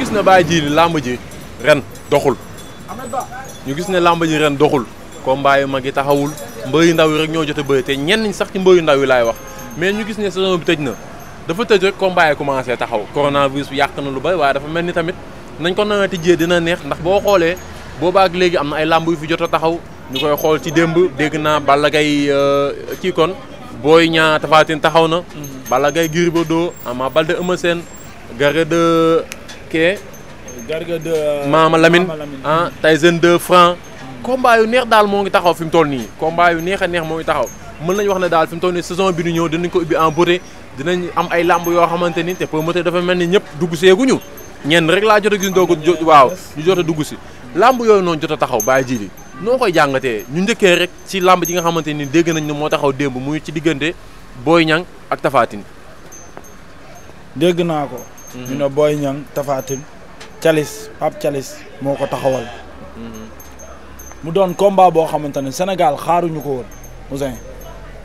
gis na bàyyi ji li làmb ji ren doxul ñu gis ne làmb ji ren doxul combat yu mag yi taxawul mbër yu ndaw yi rek ñoo jot a bëri te ñenn sax ci mbër yu ndaw yi laay wax mais ñu gis ne saison bi tëj na dafa tëj rek combat yi commencé taxaw coronavirus bi yàq na lu bëri waaye dafa mel ni tamit nañ ko nawet jiyee dina neex ndax boo xoolee boobaak léegi am na ay làmb yu fi jot a taxaw ñu koy xool ci démb dégg naa Balla Gaye euh, kii kon Boy Niang Tapha taxaw na mhm. Balla Gaye Gris Bordeaux Ama Mbacké. Garga de euh, Mama Lamine ah Tyson 2 Franc. combat yu neex daal moo ngi taxaw fi mu toll nii combat yu neex a neex moo ngi taxaw mën nañu wax ne daal fi mu toll nii saison bi ñu ñëw dinañ ko ubbi en beauté dinañ am ay làmb yoo xamante ni te promoteur dafa mel ni ñëpp dugg seeguñu ñenn rek laa jot a gis doo ko waaw ñu jot a dugg si làmb yooyu noonu jot a taxaw bàyyi ji li noo koy jàngatee ñu njëkkee rek ci làmb ji nga xamante ni dégg nañ ne moo taxaw démb muy ci diggante booy Niang ak Tapha Tine ko ñu ne Boy Niang Tapha Tine Thialis Pape moo ko taxawal mhm. mu doon combat boo xamante ne Sénégal xaaruñu ko woon Ouzin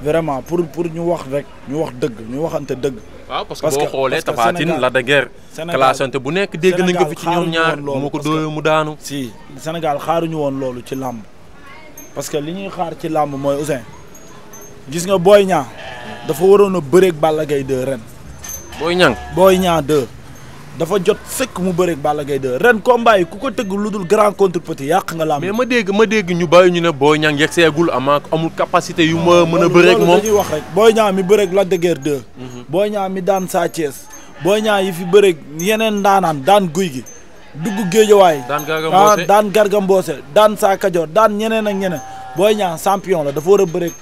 vraiment pour pour ñu wax rek ñu wax dëgg ñu waxante dëgg waaw parce que boo xoolee Tapha Tine Lac de bu nekk dégg na ko fi ci ñoom ñaar moo ko dóoyoo mu daanu si Sénégal xaaruñu woon loolu ci làmb parce que li ñuy xaar ci làmb mooy Ouzin gis nga booy Niang dafa waroon a bëreeg Balla Gaye 2 ren booy Niang Boy Niang 2 dafa jot sëkk mu bëreeg Balla gay 2 ren combat yi ku ko tëgg lu dul grand contre yàq nga làmb mais ma dégg ma dégg ñu bàyyi ñu ne Boy Niang yegg seegul ama amul capacité yu ma mën a bëreeg moom dañuy wax rek Boy Niang mi bëreeg Lac de Guiers 2 mhm. mi daan Sa Thiès Boy ñaa yi fi bëreeg yeneen ndaanaan daan guy gi dugg géejawaay ah daan Garga Mbossé daan Sa Kajoor daan ñeneen ak ñeneen Boy ñaa champion la dafa war a bëreeg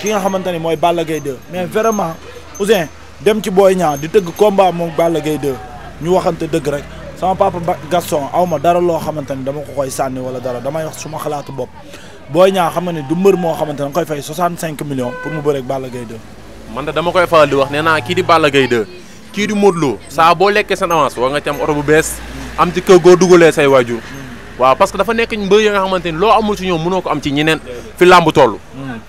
ki nga xamante ni mooy Balla Gaye 2 mais vraiment Ouzin dem ci booy Niang di tëgg combat moom Balla Gaye ñu waxante dëgg rek sama papa Gaston aw ma dara loo xamante ne dama ko koy sànni wala dara damay wax su ma xalaatu bopp Boy ñaa xam nga ne du mbër moo xamante ne nga koy fay 65 millions pour mu bëreeg Balla Gaye 2. man de dama koy faral di wax nee naa kii di Balla Gaye 2 kii di Modou Lo saa boo lekkee seen avance war nga ci am oto bu bees am ci kër goo dugalee say waajur. waaw parce que dafa nekk mbër yi nga xamante ni loo amul ci ñoom mënoo ko am ci ñeneen fi làmb toll. Hmm.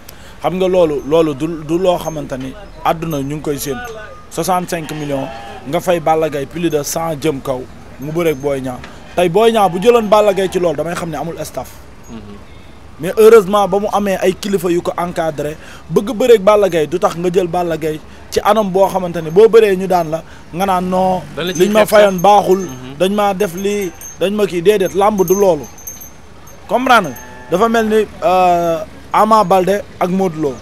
xam nga loolu loolu du du loo xamante ni àdduna ñu ngi koy séentu. 65 millions nga fay Balla Gaye plus de cent jëm kaw mu bëreeg booy Niang tey Boy Niang bu jëloon Balla Gaye ci loolu damay xam ne amul staff. Mhm. mais heureusement ba mu amee ay kilifa yu ko encadré bëgg bëreeg Balla Gaye du tax nga jël Balla Gaye ci anam boo xamante ne boo bëree ñu daan la nga naan non. liñ ma fayoon baaxul. Mhm. dañ maa def lii dañ ma kii déedéet làmb du loolu. comprendre dafa mel ni euh, Ama Balde ak Modou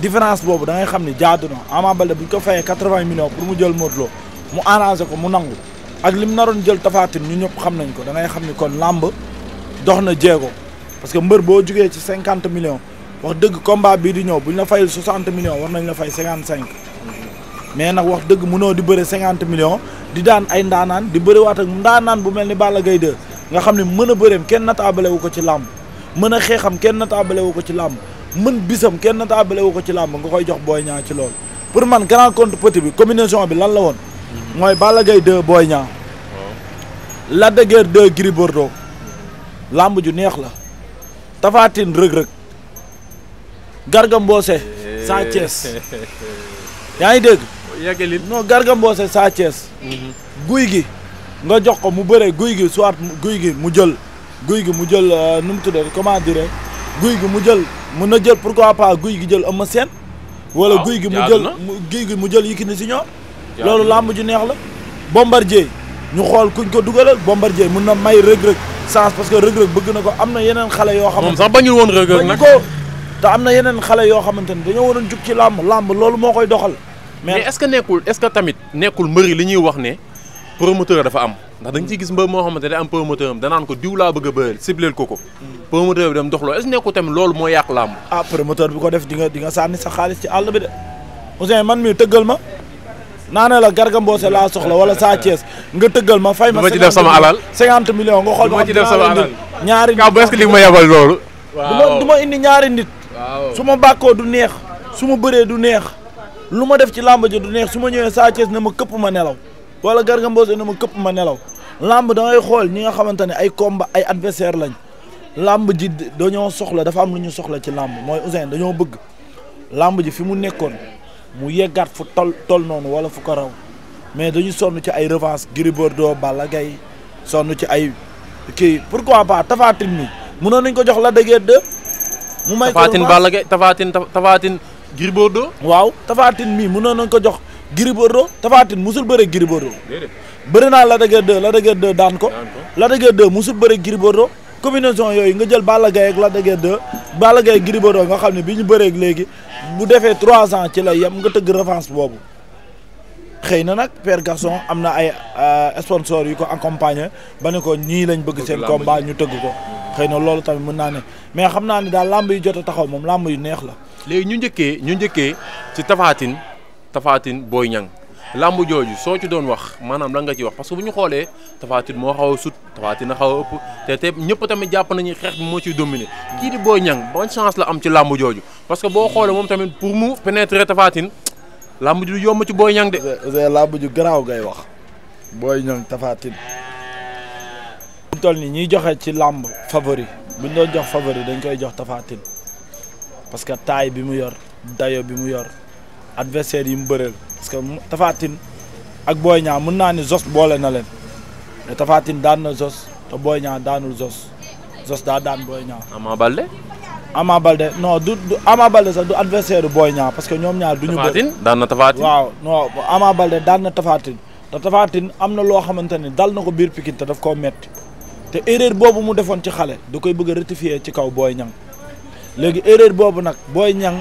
différence boobu da ngay xam ni jaadu na Ama Baldé bu ñu ko fayee quatre-vingts millions pour mu jël Modou mu arrangé ko mu nangu ak li mu naroon jël tafaatin ñu ñëpp xam nañ ko dangay xam ni kon làmb dox na jéego parce que mbër boo jugee ci cinquante million wax dëgg combat bii di ñëw bu ñu la fayul soixante million war nañ la fay cinquante cinq mais nag wax dëgg mënoo di bëre cinquante million di daan ay ndaanaan di bëriwaat ak ndaanaan bu mel ni Balla Gaye nga xam ne mën a bëreem kenn nataabale wu ko ci làmb mën xeexam kenn nataabale wu ko ci làmb mën bisam kenn taabalewu ko ci làmb nga koy jox Boy Niang ci loolu pour man grand contre petit bi combinaison bi lan la woon. Mhm. mooy Balla Gaye 2 Boy Niang. Lac de Guiers 2 Gris Bordeaux. làmb ju neex la. Tapha Tine Reug Garga Mbossé Sa Thiès yaa ngi dégg. yeggali non Garga Mbossé Sa Thiès. Mhm. guy gi nga jox ko mu bëre guy gi soit guy gi mu jël guy gi mu jël euh, nu mu tuddee comment dire guy gi mu jël. mën na jël pour pourquoi pas guy gi jël Eumeu Sène wala guy gi mu jël guy gi mu jël si Junior loolu làmb ju neex la Bombardier ñu xool kuñ ko dugalal Bombardier mun na may rëg-rëg chance parce que rëg-rëg bëgg na ko am na yeneen xale yoo xam moom sax bañul woon rëg-rëg nag ko te am na yeneen xale yoo xamante ne dañoo waroon jug ci làmb làmb loolu moo koy doxal mais est que nekkul est-ce que tamit nekkul mbëri li ñuy wax ne promoteur dafa am ndax da ci ciy gis mbër moo xamante ne am promoteur am danaan ko diw laa bëgg a bëri ko ko. promoteur bi dem doxloo est ce nekku tamit loolu moo yàq làmb. ah promoteur bi ko def di nga di sànni sa xaalis ci àll bi de Ousseyn man mii tëggal ma naa ne la Garga Mbossé laa soxla wala Sa Thiès nga tëggal ma. fay ma ci def sama alal 50 millions nga xool ba xam ñaari nit ñaari nit. kaw est ce que li ma yebal loolu. waaw du indi ñaari nit. su ma bàkkoo du neex su ma bëree du neex lu ma def ci làmb ji du neex su ma ñëwee Sa Thiès ne ma këpp ma nelaw wala Garga Mbossé ne ma këpp ma nelaw làmb da xool ñi nga xamante ne ay combat ay adversaire lañ làmb ji dañoo soxla dafa am lu ñu soxla ci làmb mooy Ousseyn dañoo bëgg làmb ji fi mu nekkoon mu yeggaat fu tol tol noonu wala fu ko raw mais dañu sonn ci ay revanche Gris Bordeaux Balla Gaye sonn ci ay kii pourquoi pas Tapha Tine mi mënoon nañ ko jox la dëgg de mu may ko Tapha Tine Balla waaw Tapha Tine mii mënoon nañ ko jox Gris Bordeaux Tapha Tine musul bëre Gris Bordeaux bëri naa Lac de Guiers 2 Lac daan ko Lac de Guiers 2 musul bëre Gris yooyu nga jël Balla Gaye ak Lac de Guiers 2 Balla nga xam ne bi ñu bëree léegi bu defee trois ans ci la yem nga tëgg revanche boobu xëy na nag Père Gaston am na ay euh, sponsor yu ko accompagner ba ne ko ñii lañ bëgg seen combat ñu tëgg ko xëy na loolu tamit mën naa ne mais xam naa ne daal làmb yu jot a taxaw moom làmb yu neex la léegi ñu njëkkee ñu njëkkee ci Tapha tafaatin booy ñan làmb jooju soo ci doon wax maanaam lan nga ci wax parce que bu ñu xoolee Tafatine moo xaw a sut Tafatine xaw a ëpp te te ñëpp tamit jàpp nañu xeex bi moo ciy dominé kii di Boy Niang ban chance la am ci làmb jooju parce que boo xoolee moom tamit pour mu pénétrer Tafatine làmb ju yomb ci booy Niang de. làmb ju garaaw ngay wax. booy Niang Tafatine. buñ toll nii ñiy joxe ci làmb favori buñ doon jox favori dañ koy jox tafaatin parce que taille bi mu yor dayo bi mu yor. adversaire yi mu bëreel parce que Tapha Tine ak Boy Niang mën naa ni Zoss boole na leen te daan na Zoss te Boy Niang daanul Zoss Zoss daa daan Boy Niang. Ama Balde. Ama Balde non du du Ama Balde parce que ñoom ñaar du ñu. Tapha Tine daan na Tapha Tine te Tapha am na loo xamante ni dal na ko biir Pikine te daf ko metti te erreur boobu mu defoon ci xale da koy bëgg a rectifier ci kaw booy Niang léegi erreur boobu nag booy Niang.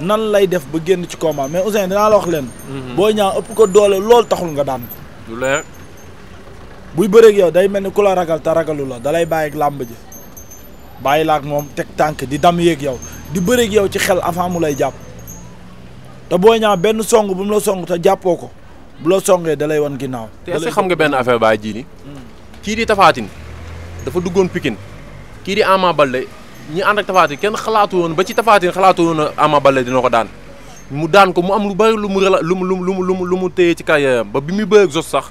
nan lay def ba génn ci combat mais Ouzin danaa la wax leen. Mhm. Boy Niang ëpp ko doole loolu taxul nga daan ko. buy bëreeg yow day mel ni ku la ragal te ragalu la dalay bàyyi làmb ji bàyyi la ak moom teg tànk di dam yeeg yow di bëreeg yow ci xel avant mu lay jàpp te booy Niang benn song bu mu la song te jàppoo ko bu la songee dalay wan ginnaaw. te est-ce xam nga benn affaire baa jii ni hmm. kii di Tapha dafa duggoon Pikine kii di Ama Baldé. ñi ànd ak Tapha Tine kenn xalaatu woon ba ci Tapha Tine xalaatu woon Ama Baldé dina ko daan mu daan ko mu am lu bëri lu mu rela lu mu lu mu lu mu lu mu téye ci carrière ba bi mu bëre ak Zos sax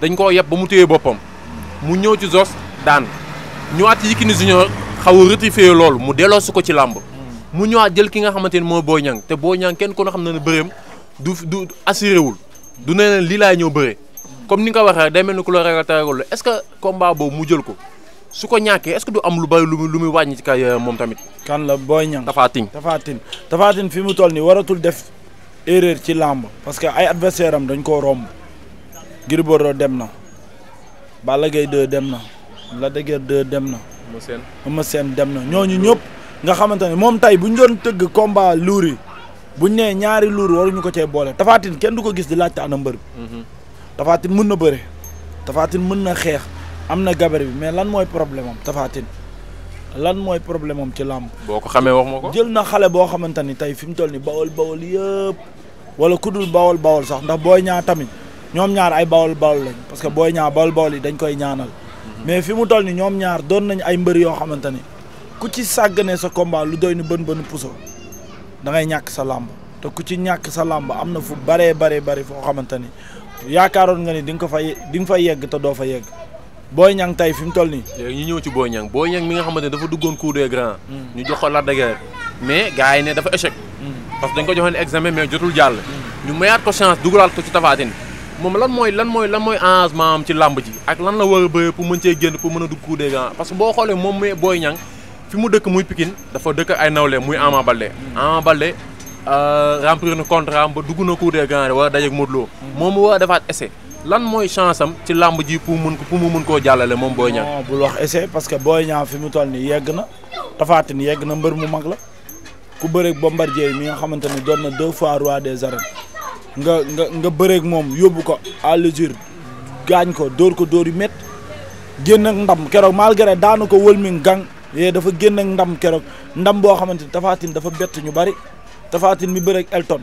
dañ koo yeb ba mu téye boppam mu ñëw ci Zos daan ñëwaat Yékini Junior xaw a rectifier loolu mu delloosi ko ci làmb mu ñëwaat jël ki nga xamante ni mooy Boy Niang te Boy Niang kenn ko xam ne ne bëreem du du assuré du ne leen lii laay ñëw bëree comme ni nga ko waxee day mel ni ku la ragal est-ce mu jël ko. su ko ñàkkee est-ce que du am lu bay lu muy lu muy wàññi ci kay moom tamit. kan la booy Niang Tapha Tine Tapha fi mu toll nii waratul def erreur ci làmb parce que ay adversaire am dañ ko romb. Gris Bordeaux dem na. Balla Gaye 2 dem na. Lac de Guiers 2 dem na. Eumeu Sène dem na ñooñu ñëpp. nga xamante ne moom tey bu ñu doon tëgg combat luur yi bu ñu nee ñaari luur waruñu ko cee boole Tapha kenn du ko gis di laajte ana mbër bi. Mhm. Tapha mën na bëre. Tapha Tine mën na xeex. am na gabarit bi mais lan mooy problème am Tapha lan mooy problème am ci làmb. boo ko xamee wax moo ko. jël na xale boo xamante ni tey fi mu toll nii bawol bawol yëpp wala ku dul bawol bawol sax ndax booy ñaa tamit ñoom ñaar ay bawol bawol lañ parce que booy ñaa bawol bawol yi dañ koy ñaanal. Mhm. mais fi mu toll nii ñoom ñaar doon nañu ay mbër yoo xamante ni ku ci sàgganee sa combat lu doy ni bën bën puso da ngay ñàkk sa làmb te ku ci ñàkk sa làmb am na fu baree baree bari foo xamante ni yaakaaroon nga ni di nga ko fa di nga fa yegg te doo fa yegg. booy Niang tey fi mu toll nii. léegi ñu ñëw ci Boy Niang Boy Niang mi nga xamante ne dafa duggoon cours des grands. Mm. ñu jox la Lac de mais gars yi ne dafa échec. Mm. parce que dañ ko joxoon examen mais jotul jàll. Mm. ñu mayaat ko chance dugalaat ko ci Tapha Tine moom lan mooy lan mooy lan mooy engagement ci làmb ji ak lan la war a bëre pour mën cee génn pour mën a dugg cours des grands parce que boo xoolee moom mooy Boy Niang fi mu dëkk muy Pikine dafa dëkk ay nawle muy Ama Baldé. Ama Baldé euh, remplir na contrat am dugg na cours des grands war a dajeeg Modou Lo. moom mu war lan mooy chance am ci làmb ji pour mun ko mu mun koo jàllale moom boo Niang. bul wax essai parce que Boy Niang fi mu toll nii yegg na Tapha yegg na mbër mu mag la ku bëreeg Bombardier mi nga xamante ne doon na deux fois roi des arènes nga nga nga bëreek moom yóbbu ko à l'usure gaañ ko dóor ko dóor yu métti génn ak ndam keroog malgré daanu ko wëlmi gang yee dafa génn ak ndam keroog ndam boo xamante ni Tapha dafa bett ñu bari Tapha Tine mi bëreeg Elton.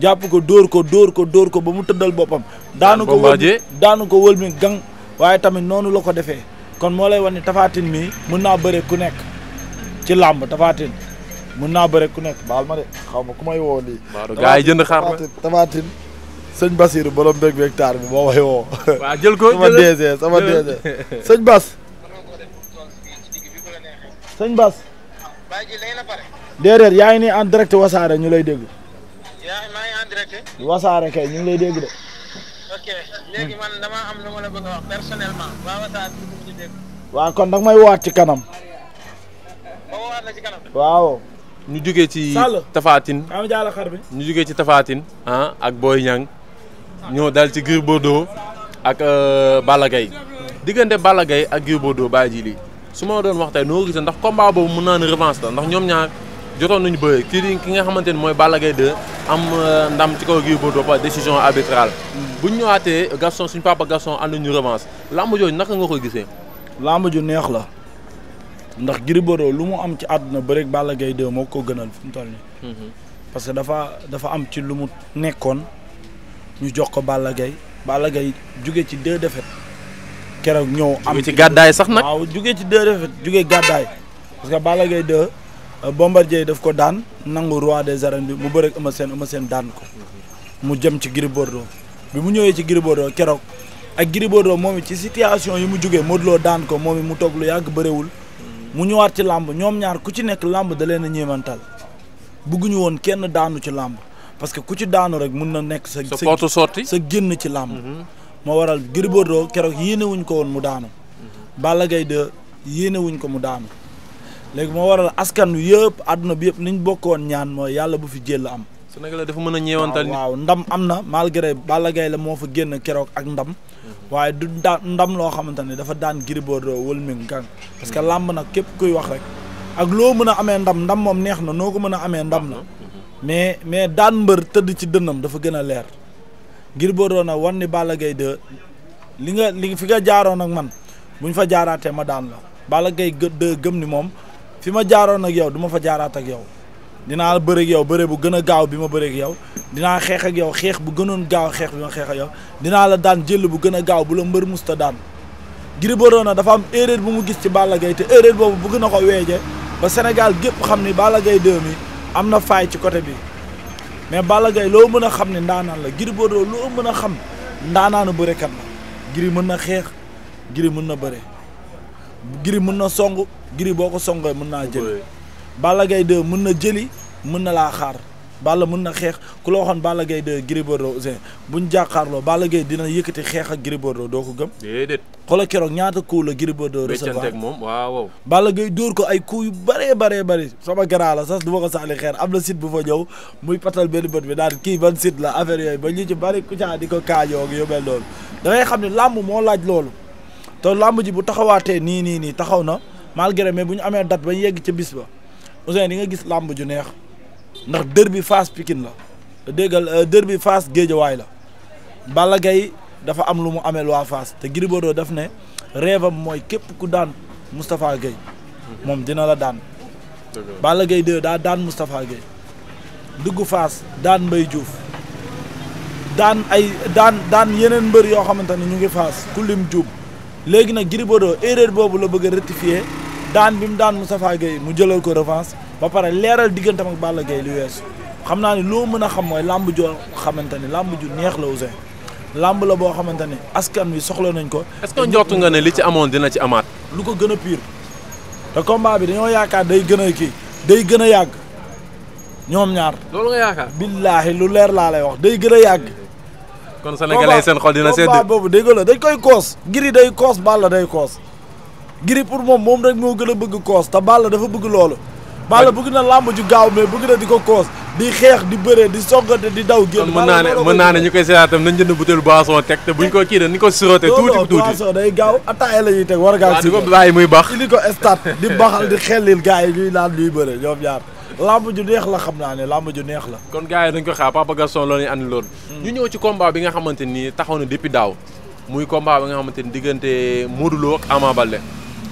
jàpp ko dóor ko dóor ko dóor ko ba mu tëddal boppam daanu ko wël daanu ko wël mi gang waaye tamit noonu la ko defee kon moo lay wan ni tafaatin mi mën naa bëre ku nekk ci làmb tafaatin mun naa bëre ku nekk baal ma de xaw ma ku may woo lii gaa jënd xaar tafaatin sëñ basir borom mbég beeg taar bi moo may woo jël ko sama DG sama DG sëñ Bas sëñ Bas déedéet yaa ngi nii en direct wasaare ñu lay dégg wasaare kay ñu ngi lay dégg de. am lu ma la waa kon nag may woowaat ci kanam. ma woowaat la ci kanam. waaw. ñu jugee ci. Tafatine am jaala xar bi. ñu jugee ci tafaatin ah, ak Boy Niang ñoo dal ci Gris Bordeaux ak euh, Balla Gaye diggante Balla ak Gris Bordeaux bàyyi ji lii su ma doon wax tey noo gisee ndax combat boobu mën naa ne revanche la ndax ñoom ñaar. jotoon nañu bëri kii di ki nga xamante ni mooy Balla Gaye 2 am euh, ndam ci kaw Gris Bordeaux par décision arbitrale mm. bu ñu ñëwaatee Gaston suñu papa Gaston ànd ñu revanche làmb jooju naka nga koy gisee. làmb ju neex la ndax Gris Bordeaux lu mu am ci àdduna ba rek Balla Gaye 2 moo ko gënal fi mu toll nii. Mm-hmm. parce que dafa dafa am ci lu mu nekkoon ñu jox ko Balla gay Balla gay jóge ci deux défaites keroog ñëw. am ci gàddaay sax nag waaw jóge ci deux défaites jóge gàddaay parce que Balla Gaye Bombardier daf ko daan nangu roi des arènes bi mu bëreeg Eumeu seen Eumeu seen daan ko mu jëm ci Gris Bordeaux bi mu ñëwee ci Gris Bordeaux keroog ak Gris Bordeaux moom ci situation yi mu jógee Modou Lo daan ko moom yi mu toog lu yàgg bëriwul mu ñëwaat ci làmb ñoom ñaar ku ci nekk làmb da leen a ñeemantal bëgguñu woon kenn daanu ci làmb parce que ku ci daanu rek mun na nekk sa sa génn ci làmb mhm. moo waral Gris Bordeaux keroog yéenewuñ ko woon mu daanu mhm. bala Gaye 2 yéenewuñ ko mu daanu léegi moo waral askan wi yëpp àdduna bi yëpp ni bokkoon ñaan mooy yàlla bu fi jël am. Sénégal dafa mën a ñeewantal waaw ndam am na malgré Balla Gaye la moo fa génn keroog ak ndam. Mhm. waaye du daan ndam loo xamante ne dafa daan Gris Bordeaux wëlming gang parce que mhm. làmb nag képp kuy wax rek. ak loo mën a amee ndam ndam moom neex na noo ko mën a amee ndam la. Mhm. mais mais daan mbër tëdd ci dënnam dafa gën a leer. Gris Bordeaux nag wan ni Balla Gaye li nga li fi nga jaaroon ak man buñ fa jaaraatee ma daan la Balla Gaye de gëm ni moom. fi ma jaaroon ak yow duma fa jaaraat ak yow dinaa bëre ak yow bëre bu gën a gaaw bi ma bëre ak yow dinaa xeex ak yow xeex bu gënoon gaaw xeex bi ma xeex ak yow dinaa la daan jël bu gën a gaaw bu la mbër musta daan Gris Bordeaux na dafa am erreur bu mu gis ci Balla Gaye te erreur boobu bëgg na ko weeje ba Sénégal gépp xam ni Balla gay 2 mi am na fay ci côté bi mais Balla Gaye loo mën a xam ne ndaanaan la Gris loo mën a xam ndaanaanu bërekat la Gris mën na xeex Gris mën na bëre Gris mën na song Gris boo ko songee mën naa jëli Balla gay 2 mën na jëli mën na laa xaar Balla mën na xeex ku la waxoon Balla Gaye 2 Gris Bordeaux bu buñ jàkkaarloo Balla Gaye dina yëkkati xeex ak Gris Bordeaux doo ko gëm déedéet xoolal keroog ñaata coup la Gris Bordeaux recevoir ak moom waaw waaw Balla Gaye dóor ko ay coups yu bëree bëree bëri sama garaa la sax du ma ko saali xeer am na site bu fa ñëw muy patal benn bët bi daan kii ban site la affaire yooyu ba ñu ci bëri ku caa di ko kaajoo ak yóbbeel loolu da ngay xam ne làmb moo laaj loolu te làmb ji bu taxawaatee nii nii nii taxaw na malgré mais bu ñu amee date ba ñu yegg ca bis ba Ousseyn di nga gis làmb ju neex ndax dër bi fas Pikine la déggal euh, dër bi Fass Géejawaay la Balla Gaye dafa am lu mu amee waa Fass te Gris Bordeaux daf ne rêve mooy képp ku daan Moustapha Gueye moom dina la daan Balla gay 2 daa daan Moustapha Gueye dugg Fass daan Mbaye Diouf daan ay daan daan yeneen mbër yoo xamante ne ñu ngi Fass ku lim juum léegi nag Gris Bordeaux erreur boobu la bëgg a daan bi mu daan Moustapha Gueye mu jëlal ko revanche ba pare leeral diggantam ak Balla Gueye lu weesu xam naa ne loo mën a xam mooy làmb joo xamante ni làmb ju neex la Ousseyn làmb la boo xamante ni askan wi soxla nañ ko. est-ce que njort nga ne li ci amoon dina ci amaat. lu ko gën a pire te komba bi dañoo yaakaar day gën a kii day gën a yàgg ñoom ñaar. loolu nga yaakaar. billaahi lu leer laa lay wax day gën a yàgg. kon sénégalais seen xol dina sedd. combat boobu day la dañ koy koos. Gris day koos Balla day koos. Gris pour moom moom rek moo gën a bëgg koos te Balla dafa bëgg loolu Balla bëgg na làmb ju gaaw mais bëgg na di ko koos di xeex di bëree di songante di daw génn mën naa ne mën naa ne ñu koy seetaan tam nañ jënd butéelu ni ko siroté tuuti tuuti boisson day gaaw ataaya la ñuy teg war ngaa si ju neex la xam naa ne lamb ju neex la kon gars yi dañ ko xaar Papa Gaston loolu ñu andi loolu hmm. ñu ñëw ci combat bi nga xamante ni taxaw na depuis daaw muy combat bi nga xamante ni diggante Modou Lo ak Ama Baldé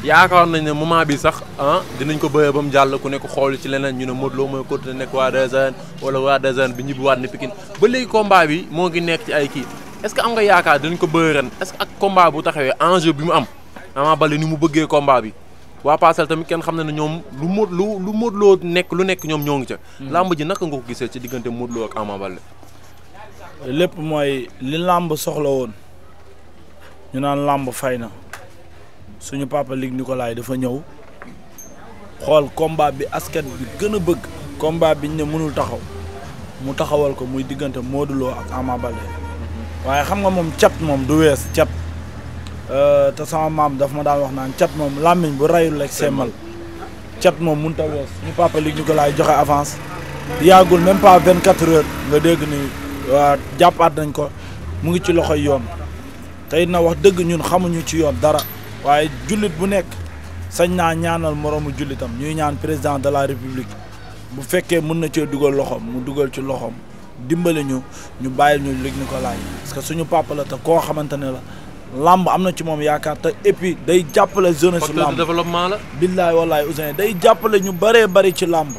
yaakaar nañ ne moment bi sax ah dinañ ko bëyee ba mu jàll ku nekk xool ci leneen ñu ne Modou Lo mooy côté nekk waa Désane wala waa Désane bi ñibbiwaat ne Pikine ba léegi combat bi moo ngi nekk ci ay kii est-ce que am nga yaakaar dinañ ko bëyee ren est-ce que ak combat bu taxawee enjeu bi mu am Ama Baldé ni mu bëggee kombaa bi waa Parcelles tamit kenn xam ne na ñoom lu Modou Lo lu Modou Lo nekk lu nekk ñoom ñoo ngi ca. Hmm. làmb ji naka nga ko gisee ci diggante Modou Lo ak Ama Baldé. mooy li làmb soxla woon ñu naan làmb fay na. suñu papa Luc Nicolaï dafa ñëw xool combat bi askan bi gën a bëgg. combat biñ ne mënul taxaw mu taxawal ko muy diggante mooduloo ak Ama Baldé waaye xam nga moom cat moom du wees cat euh, te sama maam dafa ma daan wax naan cat moom làmmiñ bu rayul rek semmal cat moom mun a wees suñu papa Luc Nicolaï joxe avance yàggul même pas vingt quatre heures nga dégg ni waa jàppaat nañ ko mu ngi ci loxo yoon tey na wax dëgg ñun xamuñu ci yoon dara. waaye jullit bu nekk sañ naa ñaanal moroomu jullitam ñuy ñaan président de la république bu fekkee mun na cee dugal loxoom mu dugal ci loxoom dimbali ñu ñu bàyyil ñu Luc Nicolaï parce que suñu papa te koo xamante ne la làmb am na ci moom yaakaar te et day jàppale jeunesse su làmb développement la billaay wallaay Ousseyn day jàppale ñu baree bari ci làmb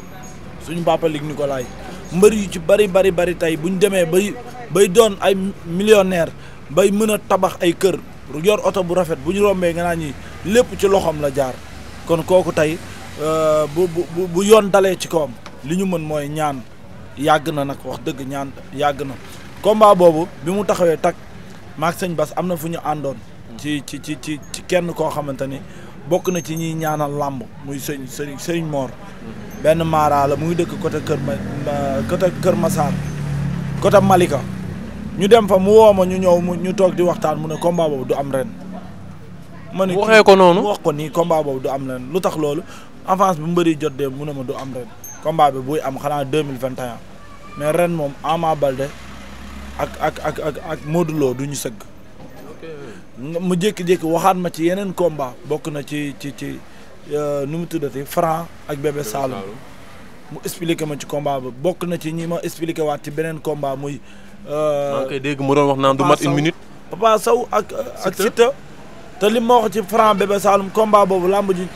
suñu papa Luc Nicolaï mbër yu ci bëri bari bari tey bu ñu demee bay bay doon ay millionnaire bay mën a tabax ay kër yor oto bu rafet bu ñu rombee nga naa ñi lépp ci loxoom la jaar kon kooku tey euh, bu bu bu yoon dalee ci kawam li ñu mën mooy ñaan yàgg na nag wax dëgg ñaan yàgg na combat boobu bi mu taxawee takk maak sëñ Bas am na fu ñu àndoon. ci ci ci ci ci kenn koo xamante ni bokk na ci ñiy ñaanal làmb muy sëñ sëñ sëñ Mor. benn Mara muy mu dëkk côté Kër Ma côté Kër Massar côté Malika. ñu dem fa mu wow ma ñu ñëw mu ñu toog di waxtaan mu ne combat boobu du am ren. ma ne waxee ko noonu wax ko nii combat boobu du am ren lu tax loolu avance bu mbëri jot dee mu ne ma du am ren. combat bi buy am xanaa deux mille vingt et mais ren moom Ama Baldé ak ak ak ak ak Modou du ñu sëgg. mu jékki-jékki waxaat ma ci yeneen combat bokk na ci ci ci euh, nu mu tuddati Franc ak Bébé Saloum. mu expliqué ma ci combat ba bokk na ci ñi ma expliqué waat ci beneen combat muy. Euh, maa ngi dégg mu wax naan du mat une minute. Papa Sow ak euh, ak te li ma ci franc bébé Saloum boobu làmb ji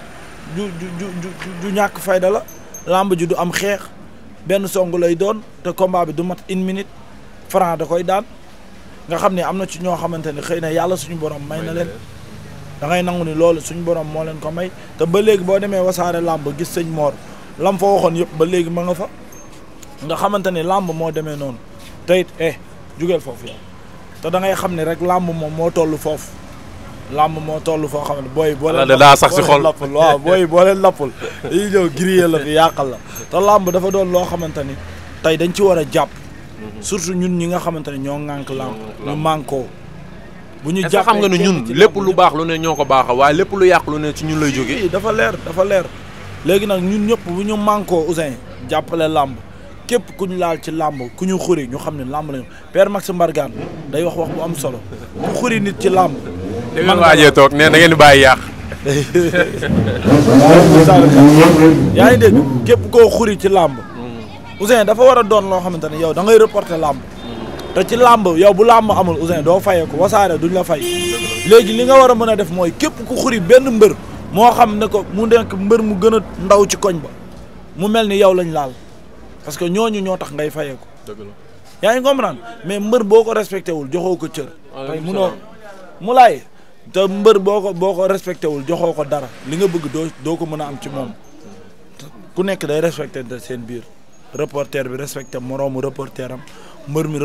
ju ñàkk fayda la làmb ji du am xeex benn song lay doon te combat bi du mat une minute franc da koy daan nga xam ne am na ci ñoo xamante ne xëy na yàlla suñu borom may na leen. da nangu ni loolu suñu borom moo leen ko may te ba léegi boo demee wasaare làmb gis sañ Mor. lam foo waxoon yëpp ba léegi ma nga fa nga xamante ni làmb moo demee noonu te it eh foofu yow te dangay xam ne rek làmb moom moo toll foofu làmb moo toll foo xam ne booy boo leen daa sax si xol lappul booy boo lappul dañuy ñëw grillé la fi yàqal la te làmb dafa doon loo xamante ni tey dañ ci war a jàpp mhm. surtout ñun ñi nga xamante ne ñoo ŋànk làmb ñu mànkoo bu ñu jàpp xam nga ne ñun lépp lu baax lu ne ñoo ko baaxa waaye lépp lu yàq lu ne ci ñun lay jóge dafa leer dafa leer léegi nag ñun ñëpp bu ñu mànkoo Ouzin jàppale làmb képp ku ñu laal ci làmb ku ñu xuri ñu xam ne làmb lañu Père Max mbargan day wax wax bu am solo ku xuri nit ci làmb. dégg nga waajee toog nee na bàyyi yàq. yaa ngi dégg képp koo xuri ci làmb. Mm. Ouzin dafa war a doon loo xamante ne yow da ngay reporter làmb. te ci làmb yow bu làmb amul Ouzin doo fayee ko wasaare duñ la fay. léegi li nga war a mën a def mooy képp ku xuri benn mbër. moo xam ne ko mu nekk mbër mu gën a ndaw ci koñ ba mu mel ni yow lañ laal parce que ñooñu ñoo tax ngay fayee ko. dëgg la yaa ngi comprendre mais mbër boo ko respecté wul joxoo ko munoo mu laay mbër boo ko boo ko respecté wul joxoo ko dara li nga bëgg doo doo ko mën a am ci moom ku nekk day respecté seen biir reporter bi respecté moroomu reporter am mbër mi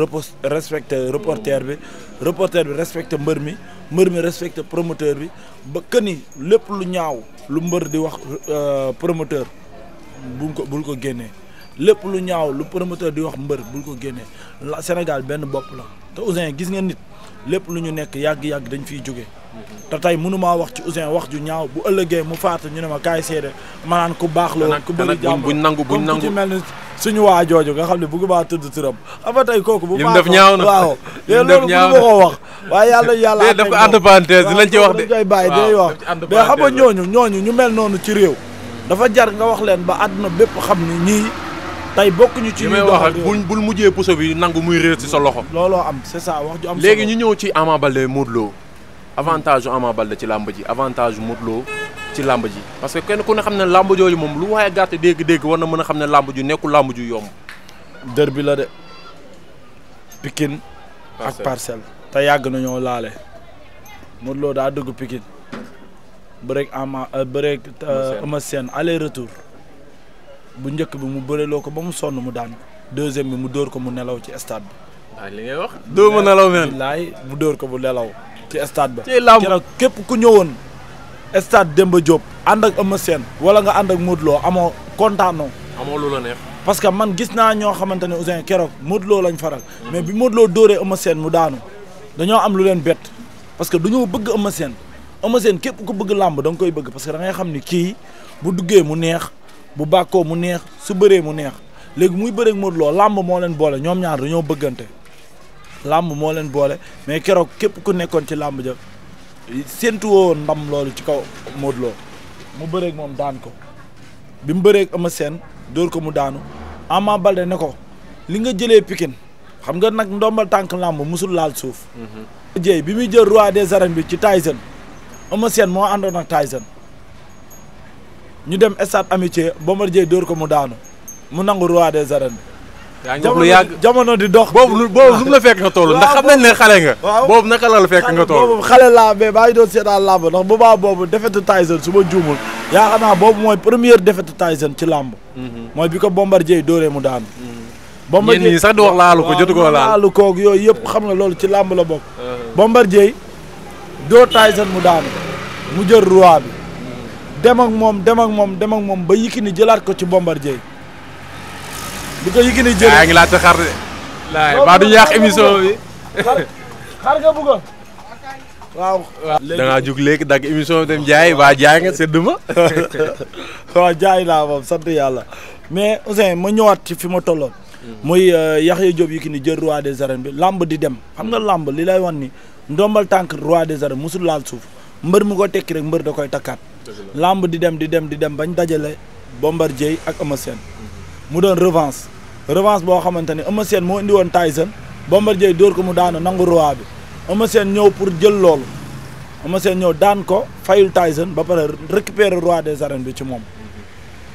respecte reporter bi reporter bi respecté mbër mi mbër mi respecté promoteur bi ba que ni lépp lu ñaaw lu mbër di wax euh, promoteur bul ko bul ko génne lépp lu ñaaw lu promoteur di wax mbër bul ko génnee la Sénégal benn bopp la te Ouzin gis nga nit. lépp lu ñu nekk yàgg-yàgg dañ fiy jóge te tey mënumaa wax ci Ouzin wax ju ñaaw bu ëllëgee mu faatu ñu ne ma kaay seede ma naan ku baax la woon ku bëri jàmm buñ nangu buñ nangu ci mel ni suñu waa jooju nga xam ne bëggu maa tudd turam xam nga tey kooku bu def ñaaw na waaw léegi loolu bu ma wax waaye yàlla yàlla def ko entre parenthèse dinañ ci wax de koy bàyyi day wax mais xam nga ñooñu ñooñu ñu mel noonu ci réew dafa jar nga wax leen ba àdduna bépp xam ni ñii tey bokkuñu ci ñuy wax ak buñ bul mujjee puso bi nangu muy réer ci sa loxo. looloo am c'est ça wax ju am. léegi ñu ñëw ci Ama Baldé Modou avantage u Ama ci làmb ji avantage Modou ci làmb ji parce que kenn ku ne xam ne làmb jooju moom lu waaye gàtt dégg-dégg war na mën a xam ne làmb ju nekkul làmb ju yomb. dër bi la de Pikine ak Parcelles te yàgg nañoo laale Modou Lo daa dugg Pikine bëreeg Ama euh, bëreeg euh, Eumeu Sène aller retour. bu njëkk bi mu bëreloo ko ba mu sonn mu daan deuxième bi mu dóor ko mu nelaw ci stade bi. Ah, wax. dóor mu nelaw meen mu dóor ko bu nelaw ci stade ba. ci làmb keroog képp ku ñëwoon stade Demba Diop. ànd ak Eumeu Sène wala nga ànd ak Modou Lo amoo kontaanoo. amoo lu neex. parce que man gis naa ñoo xamante ne Ouzin keroog Modou Lo lañ faral. mais bi Modou Lo dóoree Eumeu Sène mu daanu dañoo am lu leen bett parce que dañoo bëgg Eumeu Sène Eumeu Sène képp ku bëgg làmb da nga koy bëgg parce que da ngay xam ni kii bu duggee mu neex bu bàkkoo mu neex su bëree mu neex léegi muy bëree Modou Lo làmb moo leen boole ñoom ñaar dañoo bëggante làmb moo leen boole mais keroog képp ku nekkoon ci làmb ja séntu woon ndam loolu ci kaw Modou mu bëreeg moom daan ko bi mu bëreeg Eumeu Sène dóor ko mu daanu Ama Baldé ne ko li nga jëlee Pikine xam nga nag ndombal tànk làmb musul laal suuf. jéey mhm. bi muy jël roi des arènes bi ci Tyson Eumeu seen moo àndoon ak Tyson. ñu dem stade amitié Bombardier dóor ko mu daanu mu nangu roi des arènes. yaa ngi lu yàgg jamono di dox. boobu lu boobu mu la fekk nga toll ndax xam nañ ne xale nga. waaw boobu naka la la fekk nga toll. boobu xale laa mais baa ngi doon seetaan làmb ndax bu baax boobu defetu Tyson su ma juumul yaakaar naa boobu mooy première defetu Tyson ci làmb. Mhm. mooy bi ko Bombardier dóoree mu daanu. Mhm. Bombardier yéen ñii sax ko jotu ko laal laalu koog yooyu yëpp xam na loolu ci làmb la bokk. Uh-huh. Bombardier dóor Tyson mu daanu mu jël roi bi. dem ak moom dem ak moom dem ak moom ba Yékini jëlaat ko ci Bombardier bu ko Yékini jëlee yaa ngi laajte de. ba du yàq émission bi. xar nga bëgg waaw. léegi da ngaa jug léegi dagg émission bi dem jaay waa jaay nga sedd ma. waaw jaay naa moom sant yàlla mais Ousseyn ma ñëwaat ci fi ma tolloon. muy euh, Yaxya Diop Yékini jër roi de arènes bi làmb di dem xam nga lamb li lay wan ni ndombal tànk roi des arènes mosul laal suuf mbër mu ko tekki rek mbër da koy takkaat. lamb di dem di dem di dem bañ dajale Bombardier ak Eumeu Sène mu doon revanche revanche boo xamante ni Eumeu Sène moo indi woon Tyson Bombardier dóor ko mu daanu nangu roi bi Eumeu ñëw pour jël loolu Eumeu ñëw daan ko fayul Tyson ba pare récupérer roi des arènes bi ci moom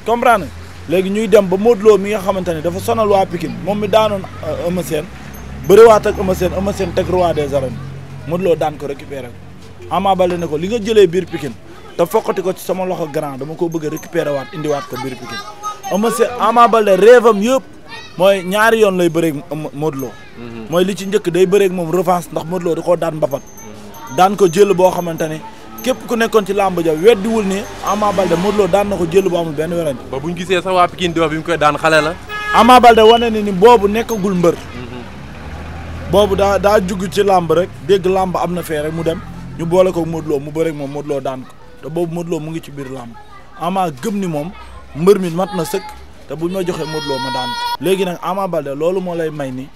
comprendre léegi ñuy dem ba Modou Lo mi nga xamante ne dafa sonal waa Pikine moom mi daanoon euh, Eumeu Sène bëriwaat ak Eumeu Sène Eumeu teg roi des arènes Modou Lo daan ko récupérer te fokkati ko ci sama loxo grand dama ko bëgg a récupérer waat indiwaat ko biir Pikine Eumeu Sène Ama Baldé rêve am yëpp mooy ñaari yoon lay bëreeg Modou Lo mhm. mooy li ci njëkk day bëreek moom revance ndax Modou Lo da koo daan mbapat daan ko jël boo xamante ne képp ku nekkoon ci làmb ja weddiwul ne Ama Baldé Modou Lo daan na ko jël bu amul benn werante ba buñ gisee sax waa Pikine di wax bi mu koy daan xale la Ama Baldé wane ne ni boobu nekkagul mbër mhm. boobu daa daa jugg ci làmb rek dégg làmb am na fee rek mu dem ñu boole ko Modou mu bëreeg moom Modou daan ko boobu Modou Lo mu ngi ci biir làmb Ama gëm ni moom mbër mi mat na sëkk te bu ma joxee Modou Lo ma daan léegi nag Ama Baldé loolu moo lay may ni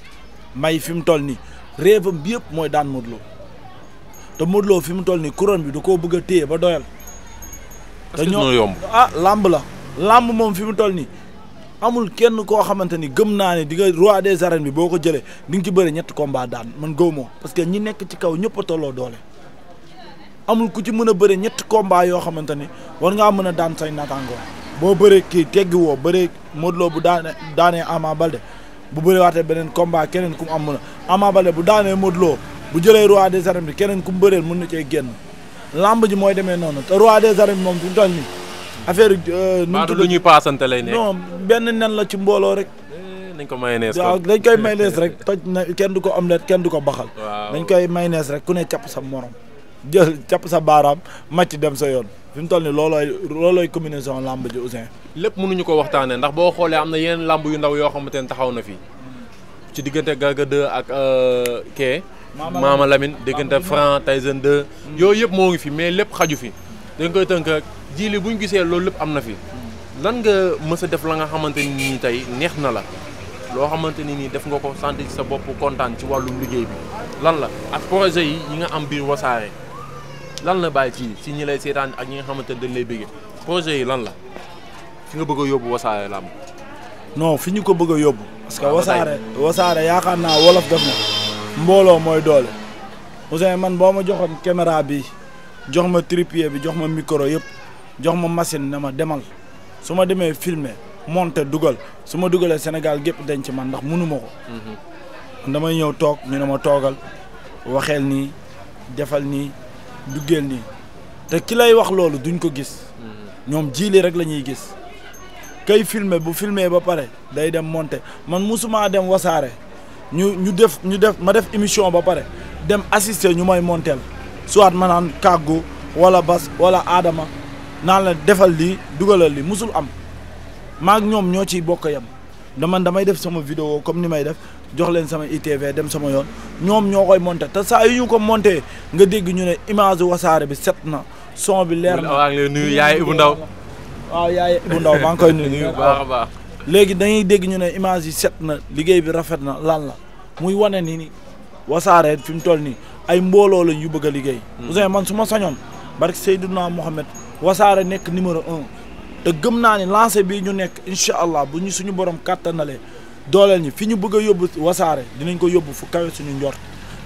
may fi mu toll nii rêve bi yëpp mooy daan Modou te Modou fi mu toll nii couronne bi da koo bëgg a téye ba doyal. te ñoo yomb ah làmb la làmb moom fi mu toll nii amul kenn koo xamante ni gëm naa ne di nga roi des arènes bi boo ko jëlee di nga ci bëri ñetti combat daan man gëw moo parce que ñi nekk ci kaw ñëpp a tolloo doole. amul ku ci mën a bëre ñett combat yoo xamante ni war ngaa mën a daan say naataangoo boo bëree kii teggi woo bëree Modou Lo bu daane daanee Ama Balde bu bëree waatee beneen combat keneen ku mu am mën a Ama Balde bu daanee Modou bu jëlee roi des arènes bi keneen ku mu bëreel mën na cee génn lamb ji mooy demee noonu te roi des arènes moom fi mu toll nii affaire. Euh, nu lu ñuy paasante lay nekk benn nen la ci mbooloo rek. dañ eh, ko mayonnaise waaw dañ koy mayonnaise rek toj na kenn du ko omelette kenn du ko baxal. dañ koy mayonnaise rek ku ne capp sa morom. jël jàpp sa baaraam màcc dem sa yoon fi mu toll nii loolooy loolooy combinaison làmb ji aussin lépp mënuñu ko waxtaanee ndax boo xoolee am na yeneen làmb yu ndaw yoo xamante taxaw na fi ci diggante Garga 2 ak euh, Kee. Maama Lamine diggante Franc Tyson de mm. yooyu yëpp moo ngi fi mais lépp xaju fi dañ koy tënk ak ji gisee loolu lépp am na fi. lan nga mës def la nga xamante ni nii tey neex na la loo xamante ni nii def nga ko sant ci sa bopp kontaan ci wàllum liggéey bi lan la ak projet nga am biir lan la bàyyi ci si ñi lay seetaan ak ñi nga xamante ne dañ lay bëggee projet yi lan la fi nga bëgg a yóbbu wasaare làmb non fi ñu ko bëgg yóbbu parce que ah, wasaare wasaare yaakaar naa wolof def na mbooloo mooy doole Ousseyn man boo ma joxoon caméra bi jox ma tripier bi jox ma micro yëpp jox ma machine na ma demal su ma demee filmer monter dugal su ma dugalee Sénégal gépp dañ ci man ndax mënuma ma ko mhm. damay ñëw toog ñu ne ma toogal waxeel nii defal nii duggeel nii te ki lay wax loolu duñ ko gis mm-hmm. ñoom jiili rek la ñuy gis kay filmer bu filmer ba pare day dem monter man musuma dem wasaare ñu ñu def ñu def ma def émission ba pare dem assister ñu may monteel soit ma naan kàggu wala bas wala aadama naan la defal li dugalal li musul am maak ñoom ñoo ciy bokk yam dama damay def sama video comme ni may def jox leen sama ITV dem sama yoon ñoom ñoo koy monté te saa yu ñu ko monté nga dégg ñu ne image wasaare bi set na son bi leer na. waaw nuyu yaay Ibou Ndaw waaw yaay Ibou Ndaw maa ngi koy nuyu. baax a baax léegi dañuy dégg ñu ne image yi set na liggéey bi rafet na lan la muy wane ni ni wasaare fi toll nii ay mbooloo lañ yu bëgg a liggéey. Hmm. Ousseyn man su ma sañoon barke Seydina Mohamed wasaare nekk numéro un te gëm naa ni lancé bii ñu nekk incha allah bu ñu suñu borom kàttanalee. dooleel ñi fi ñu bëgg a yóbbu wasaare dinañ ko yóbbu fu kawe suñu njort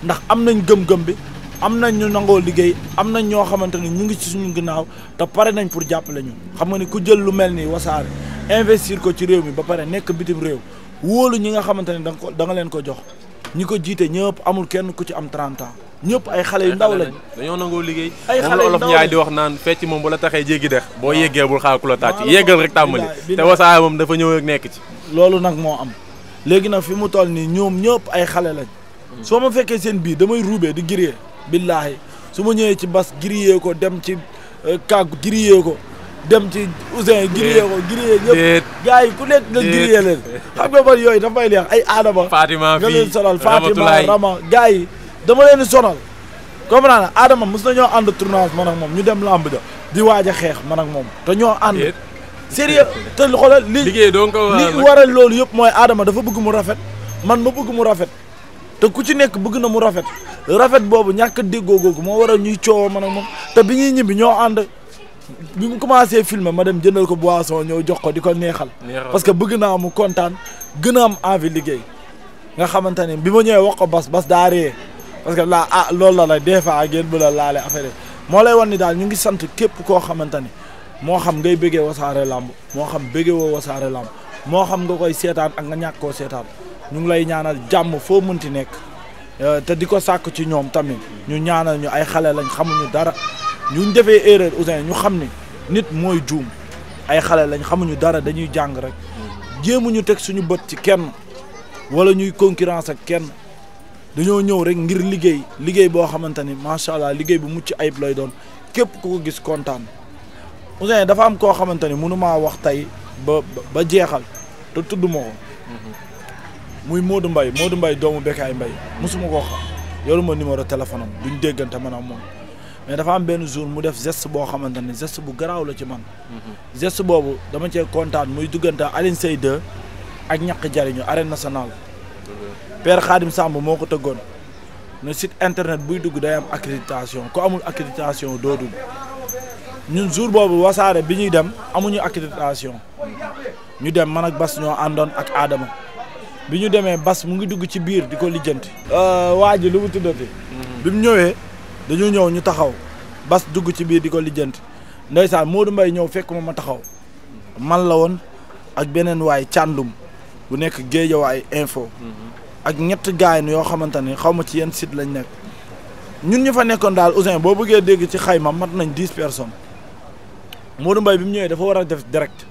ndax am nañ gëm-gëm bi am nañ ñu nangoo liggéey am nañ ñoo xamante ne ñu ngi ci suñu ginnaaw te pare nañ pour jàppale ñu xam nga ni ku jël lu mel ni wasaare investir ko ci réew mi ba pare nekk bitim réew wóolu ñi nga xamante ne da nga ko leen ko jox ñi ko jiite ñëpp amul kenn ku ci am 30 ans ñëpp ay xale yu ndaw lañ. dañoo nangoo liggéey. ay xale yu ndaw moom la olof Ndiaye di wax naan fecc moom bu la taxee jéggi dex. boo yeggee xaar ku la tàcc yeggal rek tàmbali. te wasaare moom dafa ñëw nekk loolu nag moo am léegi nag fi mu toll nii ñoom ñëpp ay xale lañ. Mm. soo ma fekkee seen biir damay ruubee di grillé billaahi su ma ñëwee ci bas grillé ko dem ci euh, kàgg grillé ko dem ci Ousin grillé ko grillé ñëpp gars yi ku nekk nga grillé leen xam nga man yooyu dafay leex ay aadama Fatima nga leen sonal Fatima Rama gars yi dama leen sonal comprendre aadama mos na ñoo ànd tournage man moom ñu dem lamb ja di waaja xeex man ak moom te ñoo ànd sérieux te xoolal li li waral loolu yëpp mooy aadama dafa bëgg mu rafet man ma bëgg mu rafet te ku ci nekk bëgg na mu rafet rafet boobu ñàkk déggoo googu moo waral ñu coowoo man ak moom te bi ñuy ñibbi ñoo ànd bi mu commencé filmer ma dem jëndal ko boisson ñëw jox ko di ko neexal parce que bëgg naa mu kontaan gën am envie liggéey nga xamante ne bi ma ñëwee wax ko bas bas daa ree parce que laa ah loolu la la des fois ngeen bu la laale affaire moo lay wan daal ñu ngi sant képp koo xamante ni moo xam ngay bëggee wasaare làmb moo xam bëggee woo wasaare moo xam nga koy seetaan ak nga ñàkk koo seetaan ñu ngi lay ñaanal jàmm foo mënti nekk euh, te di ko sàkk ci ñoom tamit ñu ñaanal ñu ay xale lañ xamuñu dara ñu defee erreur Ouzin ñu xam ni nit mooy juum ay xale lañ xamuñu dara dañuy jàng rek jéemuñu teg suñu bët ci kenn wala ñuy concurrence ak kenn dañoo ñëw rek ngir liggéey liggéey boo xamante ni macha allah liggéey bu mucc ayib lay doon képp ku ko gis kontaan. Ouzin dafa am koo xamante ni mënu maa wax tey ba ba jeexal te tudd ma ko mhm. muy Modou Mbaye Modou mbay doomu Bécaye mbay mosuma koo xam yoru ma numéro téléphone am duñ déggante man ak moom mais dafa am benn jour mu def geste boo xamante ne geste bu garaaw la ci man mhm. geste boobu dama cee kontaan muy duggante Alioune Seye 2 ak ñaq jariñu arène nationale mhm. Père Khadim Samb moo ko tëggoon ne sit internet buy dugg day am accréditation ku amul accréditation doo dugg ñun jour boobu wasaare bi ñuy dem amuñu accréditation ñu dem man ak Bas ñoo àndoon ak aadama bi ñu demee Bas mu ngi dugg ci biir di ko lijjanti. Euh, waa ji lu mu tuddati. Mm-hmm. bi mu ñëwee dañu ñëw ñu taxaw Bas dugg ci biir di ko lijjanti ndeysaan Modou Mbaye ñëw fekk ma ma taxaw man la woon ak beneen waay càndum bu nekk Géejawaay info. Mm-hmm. ak ñett gaay yoo xamante ne xaw ma ci yenn site lañ nekk ñun ñu fa nekkoon daal Ousin boo bëggee dégg ci xayma mat nañ dix personnes. Modou mbay bi mu ñëwee dafa war a def direct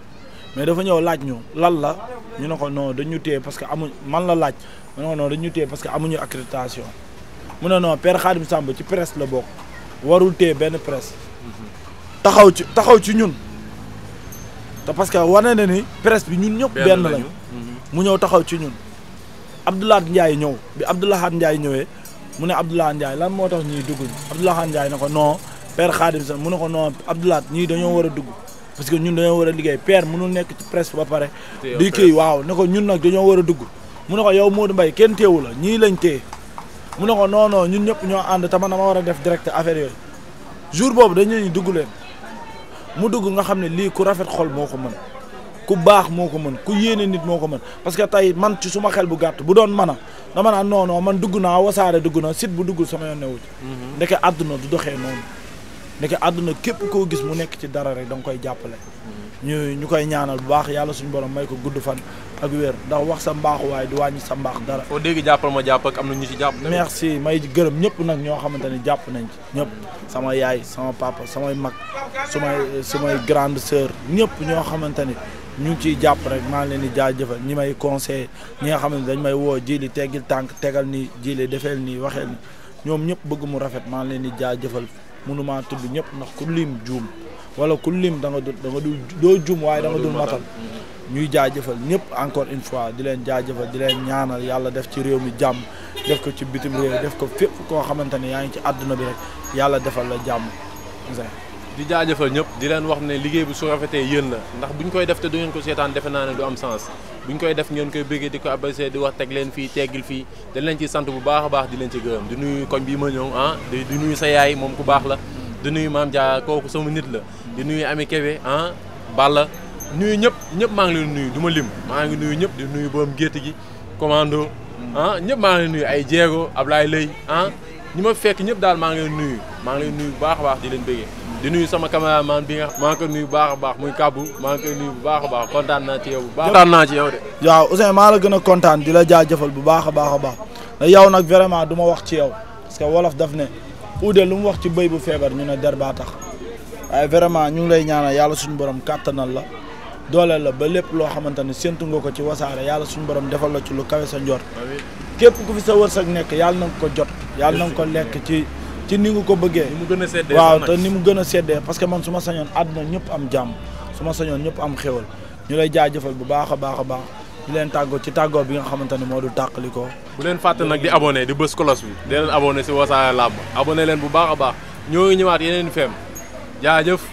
mais dafa ñëw laaj ñu lan la ñu ne ko non dañu téye parce que amuñ man la laaj ma ne ko non dañu téye parce que amuñu accréditation mu ne non Père Khadim Samb ci presse la bokk warul téye benn presse taxaw ci taxaw ci ñun te parce que wane na ni presse bi ñun ñëpp benn lañu mu ñëw taxaw ci ñun Abdoulaye Ndiaye ñëw bi Abdoulaye Ndiaye ñëwee mu ne Abdoulaye Ndiaye lan moo tax ñuy dugg Abdoulaye Ndiaye ne ko non père Khadim sax mu ne ko non Abdoulaat ñii dañoo war a dugg parce que ñun dañoo war a liggéey père mënul nekk ci presse ba pare di kii waaw ne ko ñun nag dañoo war a dugg mu ne ko yow moo Modou mbay kenn téewu la ñii lañ téye mu ne ko non non ñun ñëpp ñoo ànd tama dama war a def direct affaire yooyu jour boobu dañuy dugg mu dugg nga xam ne lii ku rafet xol moo ko mën ku baax moo ko mën ku yéene nit moo ko mën parce que tey man ci suma xel bu gàtt bu doon mën a dama naan non man dugg naa wasaare dugg na sit bu dugg sama yoon newu ci mhm. ndeke àdduna du doxee noonu ndeke àdduna képp koo gis mu nekk ci dara rek da koy jàppale ñu ñu koy ñaanal bu baax yàlla suñu borom may ko gudd fan ak wér ndax wax sa mbaax waaye du wàññi sa mbaax dara foo dégg jàppal ma jàpp am na ñu ci jàpp merci may gërëm ñëpp nag ñoo xamante ne jàpp nañ ci ñëpp sama yaay sama papa samay mag sumay sumay grande ñëpp ñoo xamante ni ñu ngi ciy jàpp rek maa leen di jëfal ñi may conseil ñi nga xam ne dañ may woo jili teggil tànk tegal nii jili defeel nii waxeel ni ñoom ñëpp bëgg mu rafet maa ngi leen di jaajëfal mënumaa tudd ñëpp ndax ku lim juum wala ku lim da nga dul da nga doo juum waaye da nga dul matal ñuy jaajëfal ñëpp encore une fois di leen jaajëfal di leen ñaanal yàlla def ci réew mi jàmm def ko ci bitim réew def ko fépp koo xamante ne yaa ngi ci àdduna bi rek yàlla defal la jàmm di jaajëfal ñëpp di leen wax ne liggéey bi su rafetee yéen la ndax bu ñu koy def te du ngeen ko seetaan defe naa ne du am sens bu ñu koy def ngeen koy bëggee di ko abaissé di wax teg leen fii teggil fii dañ leen ciy sant bu baax a baax di leen ci gërëm di nuyu koñ bii ma ñëw ah di nuyu sa yaay moom ku baax la di nuyu maam Dia kooku sama nit la di nuyu Ami Kébé ah Balla nuyu ñëpp ñëpp maa ngi leen nuyu du ma lim maa ngi nuyu ñëpp di nuyu borom gétt gi commando ah ñëpp maa ngi nuyu ay jéego Ablaye Lay ah ñu ma fekk ñëpp daal maa ngi leen nuyu maa ngay leen nuyu bu baax baax di leen bëggee di nuyu sama caméraman bi nga maa ngi koy nuyu bu baax a baax muy kàbbu maa ngi koy nuyu bu baax a baax kontaan naa ci yow bu baax kontaan naa ci yow de waaw Ousseyn maa la gën a kontaan di la jaajëfal bu baax a baax a baax yow nag vraiment du ma wax ci yow parce wolof daf ne uude lu mu wax ci bëy bu feebar ñu ne der baa tax waaye vraiment ñu ngi lay ñaan yàlla suñu borom kàttanal la dooleel la ba lépp loo xamante ne séntu nga ko ci wasaare yàlla suñu borom defal la ci lu kawe sa njort képp ku fi sa wërsëg nekk yàlla na nga ko jot yàlla na nga ko lekk ci ni nga ko bëggee waaw te ni mu gën a seddee parce que man su ma sañoon àdduna ñëpp am jàmm su ma sañoon ñëpp am xéwal ñu lay jaajëfal bu baax a baax a baax di leen tàggoo ci tàggoo bi nga xamante ne moo du tàqali ko bu leen fàtte nag di abonné di bës kolos bi di leen abonné si wasaare làmb abonné leen bu baax a baax ñoo ngi ñëwaat yeneen feem